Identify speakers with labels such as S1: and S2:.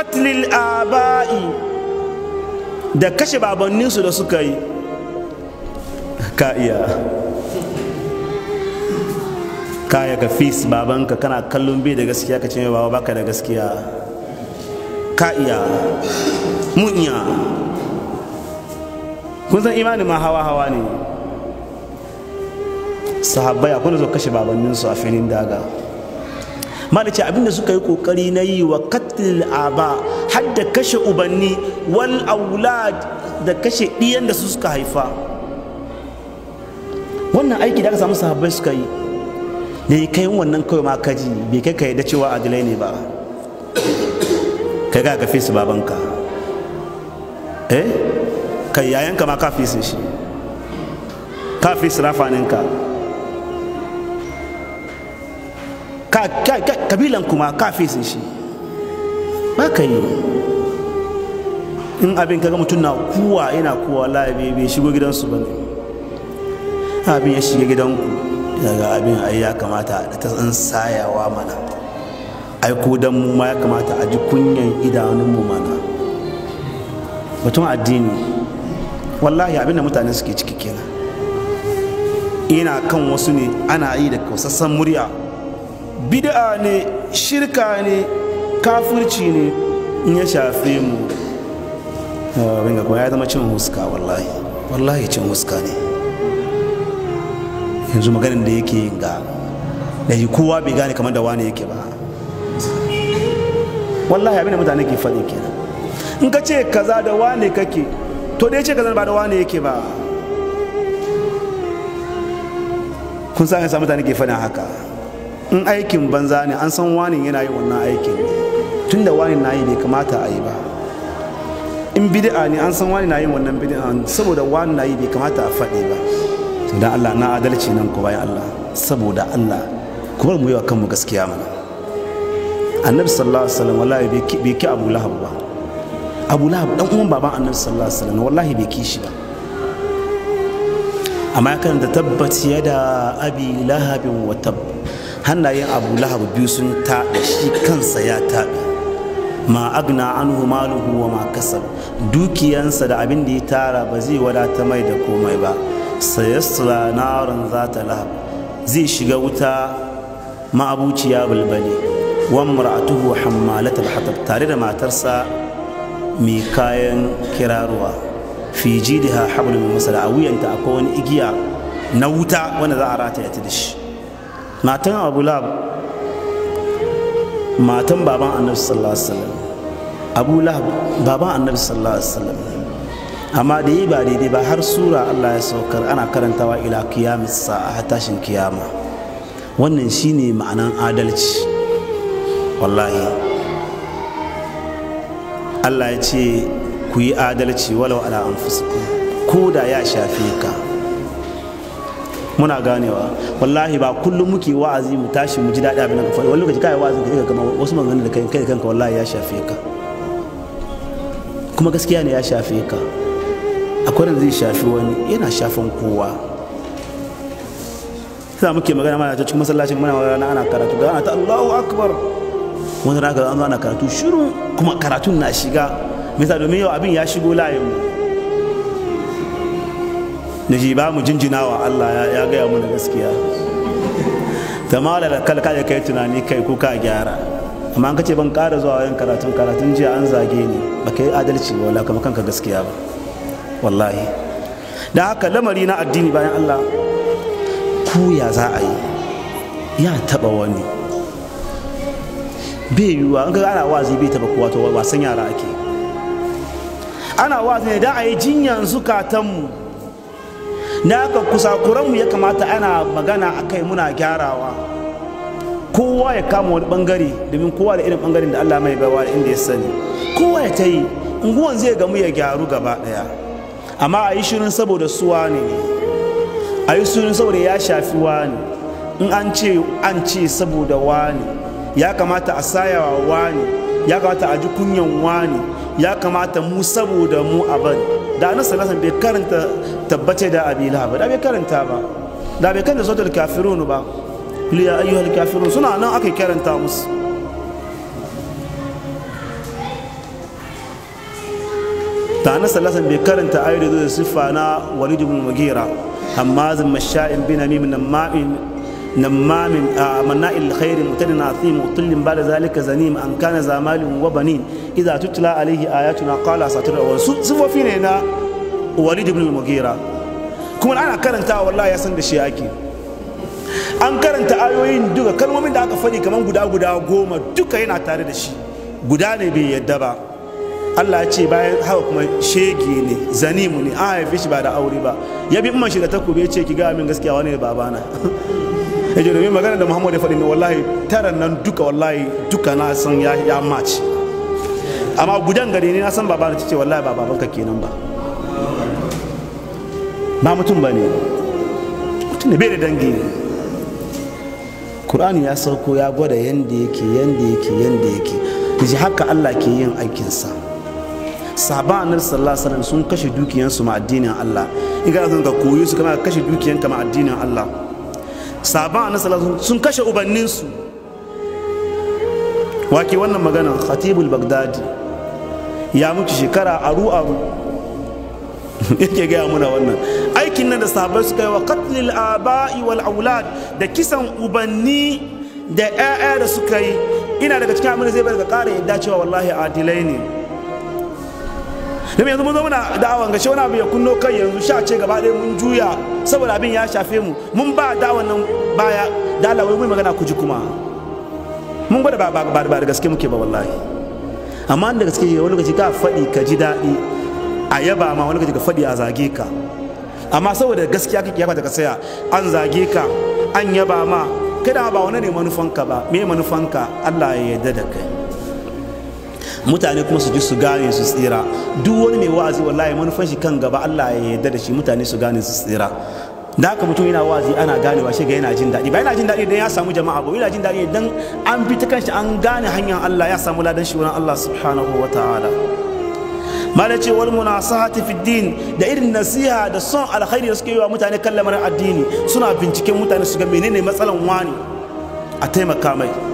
S1: katlil aba'i da kashe babanninsu da suka yi ka iya kaya ka fis babanka kana kallon bai da gaskiya ka ce mai baba baka da gaskiya ka iya mun iya kun san imani ma hawa hawa ne sahabbai akwai da zo kashe babanninsu a filin daga mana ce abinda suka yi kokari na yi wa katil aba har da kashe ubanni wal aulad da kashe ɗiyan da su suka haifa wannan aiki da aka samu sahabbai suka yi da ya kai wannan kawai ma kaji bai kai ka yadda cewa adilai ne ba kai ga gafe su babanka eh kai yayanka ma ka fi shi ka fi rafaninka kabilan kuma ka fesin shi ba ka yi in abin kaga mutum na kuwa yana kuwa labe bai shigo gidansu ba ne abin ya shiga gidanku daga abin ai ya kamata da ta tsan sayawa mana ai ko dan mu ma ya kamata a ji kunyan idanunmu mana mutum addini wallahi abin da mutane suke ciki kenan ina kan wasu ne ana yi da kausassan murya bid'a ne shirka ne kafirci ne in ya shafe mu abin ga kuma ya zama cin huska wallahi wallahi cin huska ne yanzu maganin da yake yin ga da yi kowa bai gane kamar da wani yake ba wallahi abin da mutane ke faɗi ke in ka ce kaza da wane kake to da ya ce kaza ba da wane yake ba kun sa ka sa mutane ke faɗin haka in aikin banza ne an san wani yana yi wannan aikin tun da wani na yi bai kamata a yi ba in bid'a ne an san wani na yi wannan bid'a saboda wani na yi bai kamata a faɗi ba dan Allah na adalci nan ku bayan Allah saboda Allah ku bar mu yi wa kanmu gaskiya mana annabi sallallahu alaihi wasallam wallahi bai ki Abu Lahab ba Abu Lahab dan uwan baban annabi sallallahu alaihi wasallam wallahi bai ki shi ba amma ya karanta tabbat yada abi lahabin wa tabb hannayen abu lahab biyu sun taɗa shi kansa ya taɗa ma agna anhu maluhu wa ma kasab dukiyansa da abin da ya tara ba zai wadata mai da komai ba sayasla za ta lahab zai shiga wuta ma'abuciya bulbali wa mar'atuhu hammalatul hatab tare da matarsa mai kayan kiraruwa fi jidha hablum masala a wuyanta akwai wani igiya na wuta wanda za a rataya ta da shi matan abu lab matan baban annabi sallallahu alaihi wasallam abu lab baban annabi sallallahu alaihi wasallam amma da yi ba daidai ba har sura Allah ya saukar ana karantawa ila kiyamis sa'a tashin kiyama wannan shine ma'anan adalci wallahi Allah ya ce ku yi adalci walau ala anfusikum ko da ya shafe ka muna ganewa wallahi ba kullum muke wa'azi mu tashi mu ji daɗi abin da faɗi wani lokaci kai wa'azi ka kama wasu maganin da kai kanka wallahi ya shafe ka kuma gaskiya ne ya shafe ka akwai da zai shafi wani yana shafan kowa sai muke magana mana ta cikin masallacin muna magana ana karatu ga ana ta Allahu akbar wannan aka ana karatu shiru kuma karatun na shiga me domin yau abin ya shigo layin mu da shi ba mu jinjinawa Allah ya gaya mu da gaskiya ta mala da kalka da kai tunani kai kuka gyara amma an kace ban ƙara zuwa yin karatun karatun jiya an zage ni ba kai adalci ba wala kuma kanka gaskiya ba wallahi da haka lamari na addini bayan Allah Ku ya za a yi ya taba wani bai yiwuwa an ga ana wazi bai taba kowa to wasan yara ake ana wazi ne da a yi jinyan zukatanmu na haka kusakuranmu ya kamata ana magana a kai muna gyarawa kowa ya kama wani bangare domin kowa da irin bangaren da allah mai baiwa da inda ya sani kowa ya ta yi unguwan zai gamu ya gyaru gaba daya amma a yi shirin saboda suwa ne a yi shirin saboda ya shafi wani in an ce an ce saboda wani ya kamata a sayawa wani ya kamata a ji kunyan wani ya kamata mu saboda mu a da annabi sallallahu bai karanta tabbace da abi lahab da bai karanta ba da bai karanta suratul kafirun ba qul ya ayyuhal kafirun suna nan aka karanta musu da annabi sallallahu bai karanta ayyuhu da siffa na walid ibn mugira hammazin masha'in bin amin ma'in نمام مناء الخير متن عظيم مطل بعد ذلك زنيم أن كان ذا مال وبنين إذا تتلى عليه آياتنا قال أساطير الأول سوى فينا هنا وليد بن المغيرة كما الآن كرنتا والله يا سند الشياكي an karanta ayoyin duka kalmomin da aka faɗi kamar guda guda goma duka yana tare da shi guda ne bai yadda ba Allah ce bayan haka kuma shege ne zanimu ne an haife shi ba da aure ba ya bi umar shi da takobi ya ce ki gaya min gaskiya wani ne babana ya domin magana da muhammadu ya faɗi ne wallahi taran nan duka wallahi duka na san ya maci amma gudan gari ne na san baba na cice wallahi ba babanka kenan ba ba mutum ba ne mutum ne bai da dangi ne Kur'ani ya sauko ya gwada yanda yake yanda yake yanda yake ji haka Allah ke yin aikinsa sabanar sallasana sallallahu sun kashe dukiyansu ma addinin Allah in ka ka koyi su kama kashe dukiyanka ma addinin Allah saban na salatu sun kashe ubanninsu wake wannan magana khatibul bagdadi ya mutu shekara aru aru yake gaya muna wannan aikin nan da sabai suka yi wa qatlil aba'i wal aulad da kisan ubanni da 'ya'ya da suka yi ina daga cikin abin zai bar ga ƙara yadda cewa wallahi adilai ne da yanzu mun zo muna da'awan gashi wani abu ya kunno kai yanzu sha ce gaba ɗaya mun juya saboda abin ya shafe mu mun ba da'awan nan baya dala wai mu magana ku ji kuma mun gwada ba ba da gaske muke ba wallahi amma da gaske wani lokaci ka faɗi ka ji daɗi a yaba ma wani lokaci ka faɗi a zage ka amma saboda gaskiya kake yaba daga saya an zage ka an yaba ma kada ba wani ne manufanka ba me manufanka Allah ya yarda da kai mutane kuma su ji su gane su tsira duk wani mai wa'azi wallahi manufan shi kan gaba Allah ya yarda da shi mutane su gane su tsira da haka mutum yana wazi ana gane washe ga yana jin daɗi ba yana jin daɗi idan ya samu jama'a ba yana jin daɗi idan an bi ta kanshi an gane hanyar Allah ya samu ladan shi wurin Allah subhanahu wa ta'ala mala ce wal munasahati fi din da irin nasiha da son alkhairi da suke yi wa mutane kan lamarin addini suna binciken mutane su ga menene matsalan wani a taimaka mai